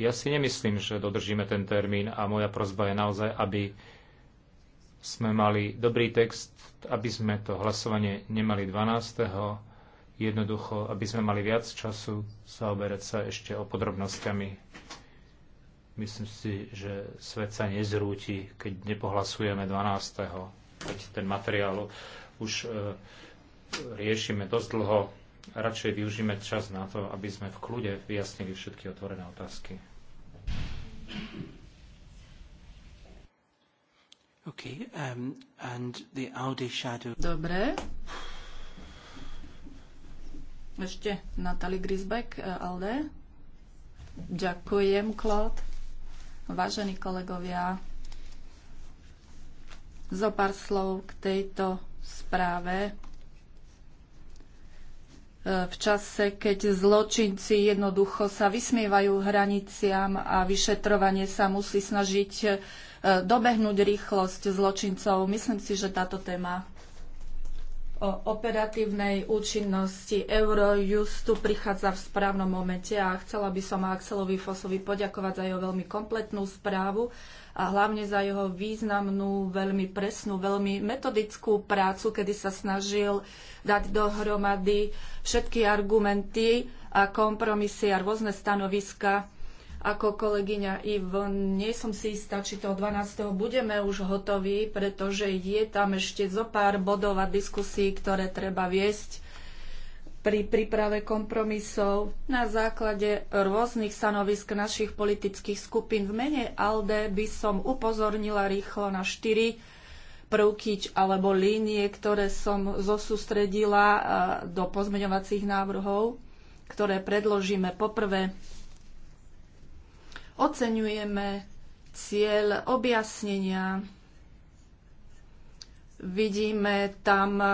Ja si nemyslím, že dodržíme ten termín a moja prozba je naozaj, aby sme mali dobrý text, aby sme to hlasovanie nemali 12. Jednoducho, aby sme mali viac času zaoberať sa ešte o podrobnostiami Myslím si, že svet sa nezrúti, keď nepohlasujeme 12. Keď ten materiál už e, riešime dosť dlho, radšej využíme čas na to, aby sme v kľude vyjasnili všetky otvorené otázky. Okay, um, and the Audi shadow. Dobre. Ešte Natalie Grisbeck, e, Alde. Ďakujem, Claude. Vážení kolegovia, zo pár slov k tejto správe. E, v čase, keď zločinci jednoducho sa vysmievajú hraniciam a vyšetrovanie sa musí snažiť e, dobehnúť rýchlosť zločincov. Myslím si, že táto téma o operatívnej účinnosti Eurojustu prichádza v správnom momente a chcela by som Axelovi Fosovi poďakovať za jeho veľmi kompletnú správu a hlavne za jeho významnú, veľmi presnú, veľmi metodickú prácu, kedy sa snažil dať dohromady všetky argumenty a kompromisy a rôzne stanoviska ako kolegyňa Ivon, nie som si istá, či to 12. budeme už hotoví, pretože je tam ešte zo pár bodov a diskusí, ktoré treba viesť pri príprave kompromisov na základe rôznych stanovisk našich politických skupín. V mene ALDE by som upozornila rýchlo na štyri prvky alebo línie, ktoré som zosústredila do pozmeňovacích návrhov, ktoré predložíme. Poprvé, Oceňujeme cieľ objasnenia. Vidíme tam e,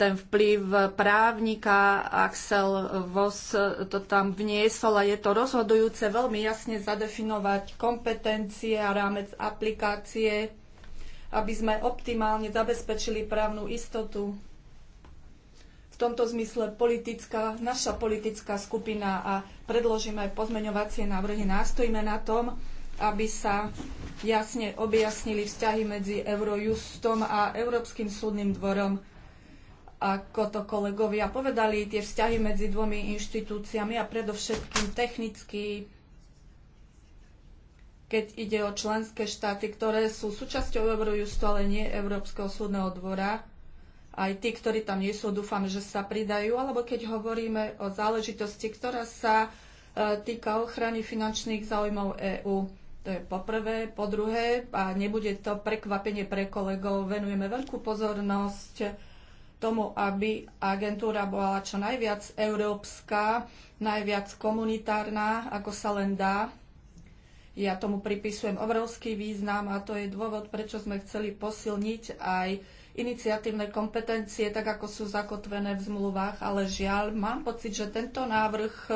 ten vplyv právnika. Axel Voss to tam vniesol a je to rozhodujúce veľmi jasne zadefinovať kompetencie a rámec aplikácie, aby sme optimálne zabezpečili právnu istotu v tomto zmysle politická, naša politická skupina a predložíme aj pozmeňovacie návrhy. Nástojíme na tom, aby sa jasne objasnili vzťahy medzi Eurojustom a Európskym súdnym dvorom. Ako to kolegovia povedali, tie vzťahy medzi dvomi inštitúciami a predovšetkým technicky, keď ide o členské štáty, ktoré sú súčasťou Eurojustu, ale nie Európskeho súdneho dvora, aj tí, ktorí tam nie sú, dúfam, že sa pridajú, alebo keď hovoríme o záležitosti, ktorá sa e, týka ochrany finančných záujmov EÚ. To je poprvé. Po druhé, a nebude to prekvapenie pre kolegov, venujeme veľkú pozornosť tomu, aby agentúra bola čo najviac európska, najviac komunitárna, ako sa len dá. Ja tomu pripisujem obrovský význam a to je dôvod, prečo sme chceli posilniť aj iniciatívne kompetencie, tak ako sú zakotvené v zmluvách, ale žiaľ, mám pocit, že tento návrh e,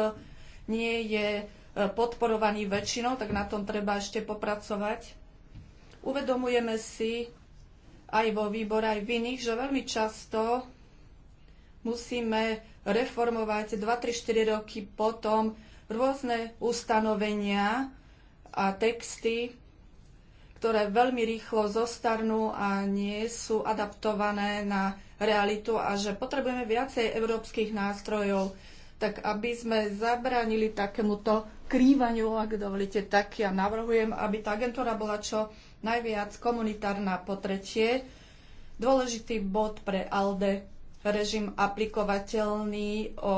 nie je e, podporovaný väčšinou, tak na tom treba ešte popracovať. Uvedomujeme si aj vo výbore, aj v iných, že veľmi často musíme reformovať 2-3-4 roky potom rôzne ustanovenia a texty, ktoré veľmi rýchlo zostarnú a nie sú adaptované na realitu a že potrebujeme viacej európskych nástrojov, tak aby sme zabránili takémuto krývaniu, ak dovolíte, tak ja navrhujem, aby tá agentúra bola čo najviac komunitárna po tretie. Dôležitý bod pre ALDE režim aplikovateľný o, o,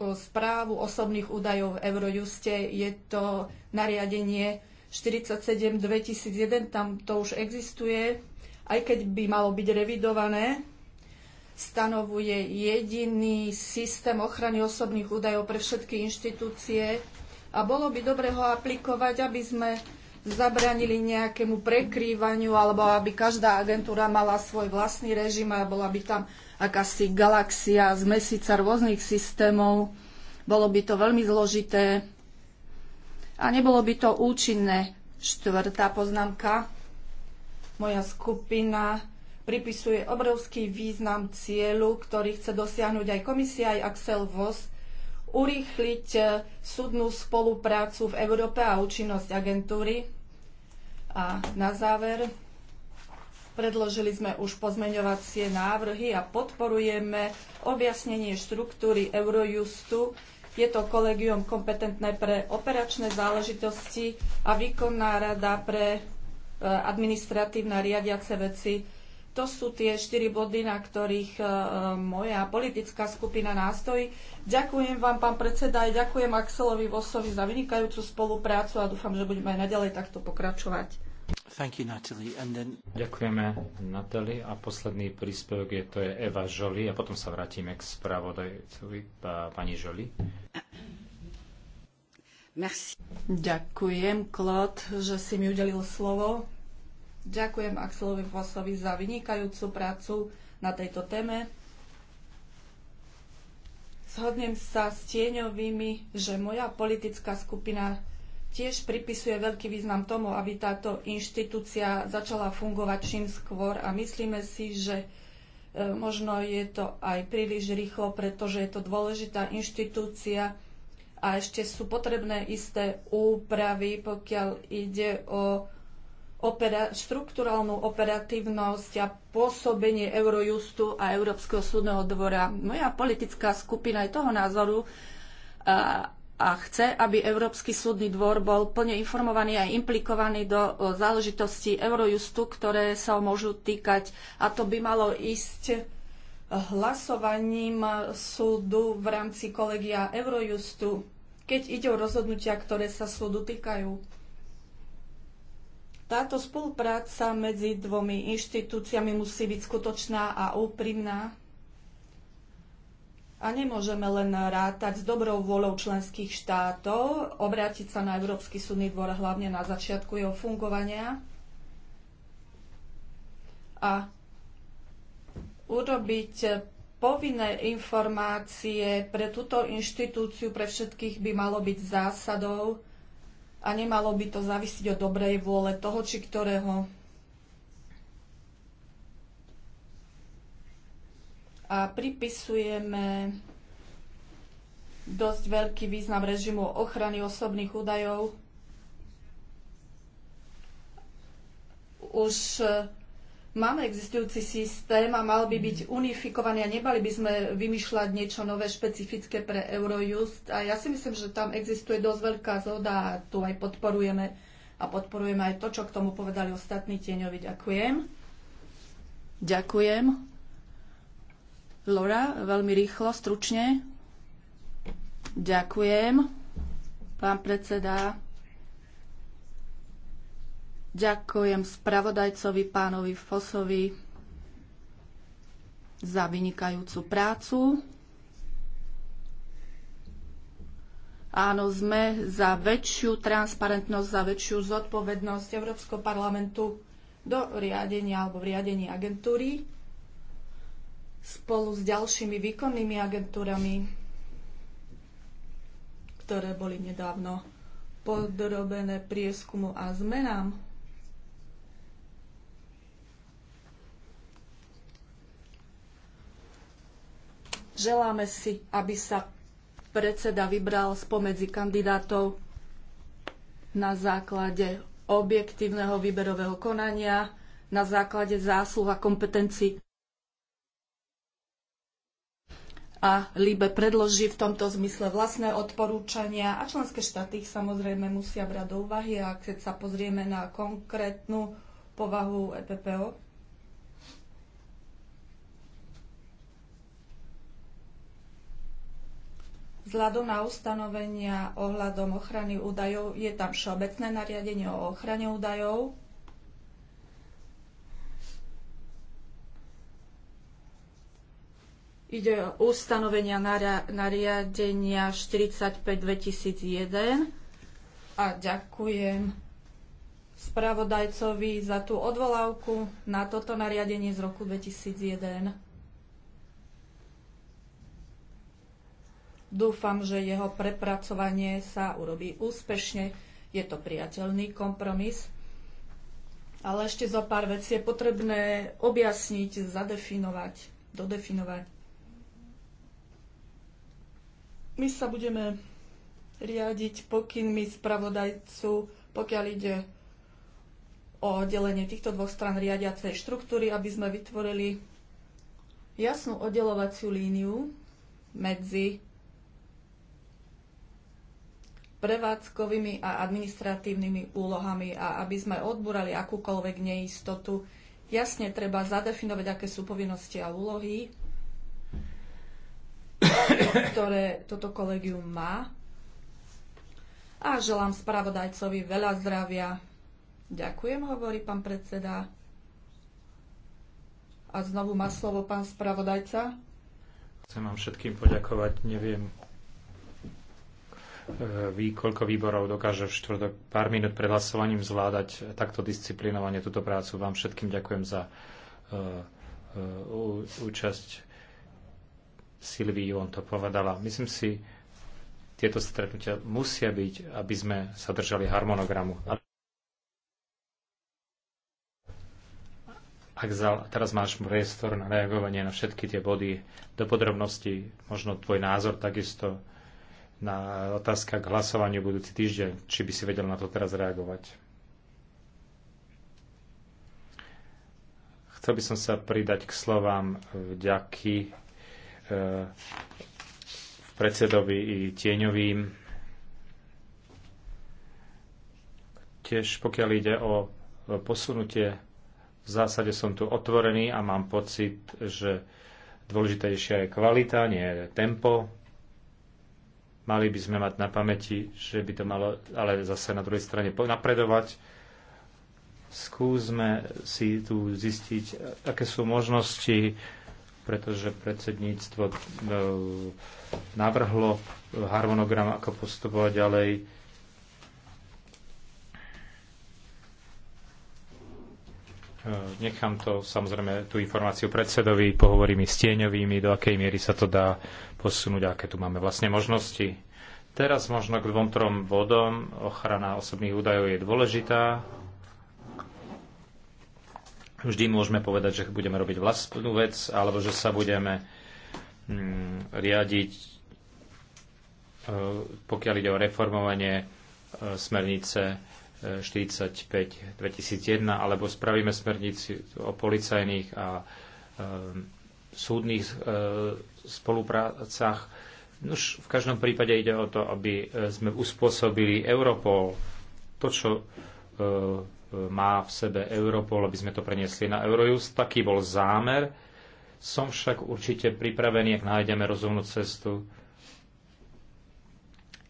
o správu osobných údajov v Eurojuste. Je to nariadenie 47 2001, tam to už existuje, aj keď by malo byť revidované, stanovuje jediný systém ochrany osobných údajov pre všetky inštitúcie a bolo by dobre ho aplikovať, aby sme zabranili nejakému prekrývaniu alebo aby každá agentúra mala svoj vlastný režim a bola by tam akási galaxia z mesica rôznych systémov. Bolo by to veľmi zložité a nebolo by to účinné. Štvrtá poznámka. Moja skupina pripisuje obrovský význam cieľu, ktorý chce dosiahnuť aj komisia, aj Axel Voss, urýchliť e, súdnu spoluprácu v Európe a účinnosť agentúry. A na záver predložili sme už pozmeňovacie návrhy a podporujeme objasnenie štruktúry Eurojustu je to kolegium kompetentné pre operačné záležitosti a výkonná rada pre e, administratívne a riadiace veci. To sú tie štyri body, na ktorých e, moja politická skupina nástojí. Ďakujem vám, pán predseda, aj ďakujem Axelovi Vosovi za vynikajúcu spoluprácu a dúfam, že budeme aj naďalej takto pokračovať. You, Natalie. Then... Ďakujeme, Natali. A posledný príspevok je, to je Eva Žoli a potom sa vrátime k spravodajcovi pani Žoli. Merci. Ďakujem, Klod, že si mi udelil slovo. Ďakujem Axelovi Vosovi za vynikajúcu prácu na tejto téme. Shodnem sa s tieňovými, že moja politická skupina tiež pripisuje veľký význam tomu, aby táto inštitúcia začala fungovať čím skôr a myslíme si, že e, možno je to aj príliš rýchlo, pretože je to dôležitá inštitúcia a ešte sú potrebné isté úpravy, pokiaľ ide o opera- štruktúralnú operatívnosť a pôsobenie Eurojustu a Európskeho súdneho dvora. Moja politická skupina je toho názoru, a a chce, aby Európsky súdny dvor bol plne informovaný a implikovaný do záležitostí Eurojustu, ktoré sa môžu týkať. A to by malo ísť hlasovaním súdu v rámci kolegia Eurojustu, keď ide o rozhodnutia, ktoré sa súdu týkajú. Táto spolupráca medzi dvomi inštitúciami musí byť skutočná a úprimná a nemôžeme len rátať s dobrou vôľou členských štátov, obrátiť sa na Európsky súdny dvor hlavne na začiatku jeho fungovania a urobiť povinné informácie pre túto inštitúciu, pre všetkých by malo byť zásadou a nemalo by to závisiť od dobrej vôle toho či ktorého a pripisujeme dosť veľký význam režimu ochrany osobných údajov. Už e, máme existujúci systém a mal by byť unifikovaný a nemali by sme vymýšľať niečo nové špecifické pre Eurojust. A ja si myslím, že tam existuje dosť veľká zhoda a tu aj podporujeme a podporujeme aj to, čo k tomu povedali ostatní tieňovi. Ďakujem. Ďakujem. Laura, veľmi rýchlo, stručne. Ďakujem, pán predseda. Ďakujem spravodajcovi pánovi Fosovi za vynikajúcu prácu. Áno, sme za väčšiu transparentnosť, za väčšiu zodpovednosť Európskeho parlamentu do riadenia alebo v riadení agentúry spolu s ďalšími výkonnými agentúrami, ktoré boli nedávno podrobené prieskumu a zmenám. Želáme si, aby sa predseda vybral spomedzi kandidátov na základe objektívneho výberového konania, na základe zásluh a kompetencií a Líbe predloží v tomto zmysle vlastné odporúčania a členské štáty ich samozrejme musia brať do úvahy a keď sa pozrieme na konkrétnu povahu EPPO, Vzhľadom na ustanovenia ohľadom ochrany údajov je tam všeobecné nariadenie o ochrane údajov, Ide o ustanovenia nariadenia 45-2001 a ďakujem spravodajcovi za tú odvolávku na toto nariadenie z roku 2001. Dúfam, že jeho prepracovanie sa urobí úspešne. Je to priateľný kompromis. Ale ešte zo pár vecí je potrebné objasniť, zadefinovať, dodefinovať. My sa budeme riadiť pokynmi spravodajcu, pokiaľ ide o delenie týchto dvoch stran riadiacej štruktúry, aby sme vytvorili jasnú oddelovaciu líniu medzi prevádzkovými a administratívnymi úlohami a aby sme odbúrali akúkoľvek neistotu. Jasne treba zadefinovať, aké sú povinnosti a úlohy ktoré toto kolegium má. A želám spravodajcovi veľa zdravia. Ďakujem, hovorí pán predseda. A znovu má slovo pán spravodajca. Chcem vám všetkým poďakovať. Neviem, e, vy, koľko výborov dokáže v štvrtok pár minút pred hlasovaním zvládať takto disciplinovanie túto prácu. Vám všetkým ďakujem za uh, uh, účasť. Silvii on to povedala. Myslím si, tieto stretnutia musia byť, aby sme sa držali harmonogramu. Ak za, teraz máš priestor na reagovanie na všetky tie body do podrobností, možno tvoj názor takisto na otázka k hlasovaniu budúci týždeň, či by si vedel na to teraz reagovať. Chcel by som sa pridať k slovám vďaky predsedovi i tieňovým. Tiež pokiaľ ide o posunutie, v zásade som tu otvorený a mám pocit, že dôležitejšia je kvalita, nie tempo. Mali by sme mať na pamäti, že by to malo, ale zase na druhej strane napredovať. Skúsme si tu zistiť, aké sú možnosti pretože predsedníctvo e, navrhlo harmonogram, ako postupovať ďalej. E, nechám to, samozrejme, tú informáciu predsedovi, pohovorím s tieňovými, do akej miery sa to dá posunúť, aké tu máme vlastne možnosti. Teraz možno k dvom, trom bodom. Ochrana osobných údajov je dôležitá. Vždy môžeme povedať, že budeme robiť vlastnú vec, alebo že sa budeme mm, riadiť, e, pokiaľ ide o reformovanie e, smernice 45 e, 2001, alebo spravíme smernici o policajných a súdnych spoluprácach. Už v každom prípade ide o to, aby sme uspôsobili Europol to, čo má v sebe Europol, aby sme to preniesli na Eurojust. Taký bol zámer. Som však určite pripravený, ak nájdeme rozumnú cestu,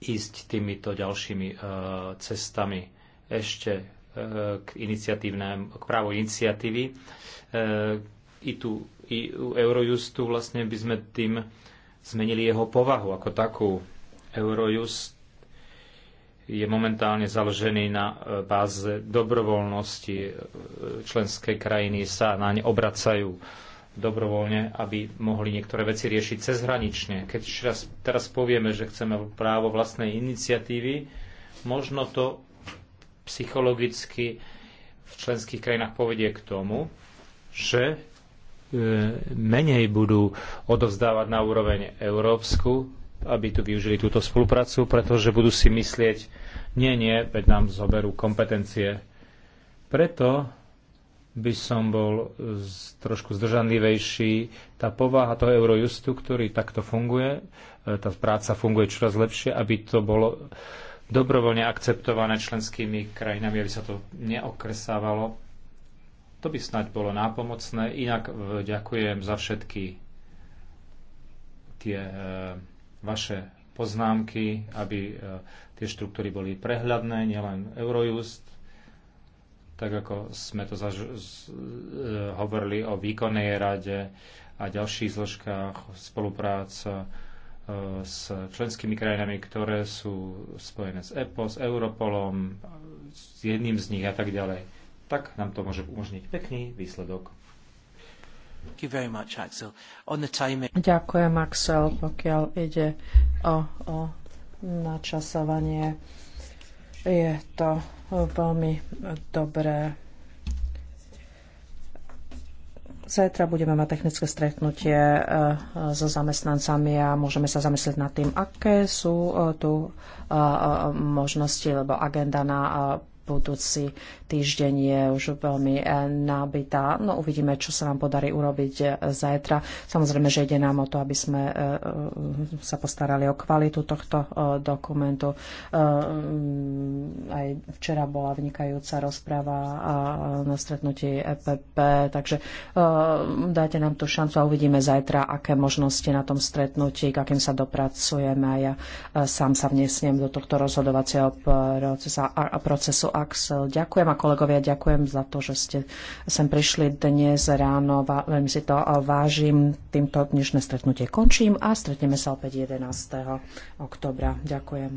ísť týmito ďalšími uh, cestami ešte e, k, k právo iniciatívy. E, I tu i u Eurojustu vlastne by sme tým zmenili jeho povahu ako takú. Eurojust je momentálne založený na e, báze dobrovoľnosti. E, členské krajiny sa na ne obracajú dobrovoľne, aby mohli niektoré veci riešiť cezhranične. Keď raz, teraz povieme, že chceme právo vlastnej iniciatívy, možno to psychologicky v členských krajinách povedie k tomu, že e, menej budú odovzdávať na úroveň európsku aby tu využili túto spoluprácu, pretože budú si myslieť, nie, nie, veď nám zoberú kompetencie. Preto by som bol trošku zdržanlivejší. Tá povaha toho Eurojustu, ktorý takto funguje, e, tá práca funguje čoraz lepšie, aby to bolo dobrovoľne akceptované členskými krajinami, aby sa to neokresávalo. To by snáď bolo nápomocné. Inak e, ďakujem za všetky tie e, vaše poznámky, aby e, tie štruktúry boli prehľadné, nielen Eurojust, tak ako sme to zaž- e, hovorili o výkonnej rade a ďalších zložkách spolupráca e, s členskými krajinami, ktoré sú spojené s EPO, s Europolom, s jedným z nich a tak ďalej. Tak nám to môže umožniť pekný výsledok. Ďakujem, Axel, pokiaľ ide o, o načasovanie. Je to veľmi dobré. Zajtra budeme mať technické stretnutie e, so zamestnancami a môžeme sa zamyslieť nad tým, aké sú e, tu e, možnosti, lebo agenda na budúci týždeň je už veľmi eh, nabitá. No uvidíme, čo sa nám podarí urobiť eh, zajtra. Samozrejme, že ide nám o to, aby sme eh, sa postarali o kvalitu tohto dokumentu. Mm, aj včera bola vnikajúca rozpráva na stretnutí EPP, takže dajte nám tú šancu a uvidíme zajtra, aké možnosti na tom stretnutí, k akým sa dopracujeme a ja sám sa vnesnem do tohto rozhodovacieho procesa, procesu a Axel. Ďakujem a kolegovia, ďakujem za to, že ste sem prišli dnes ráno. Veľmi si to vážim. Týmto dnešné stretnutie končím a stretneme sa opäť 11. oktobra. Ďakujem.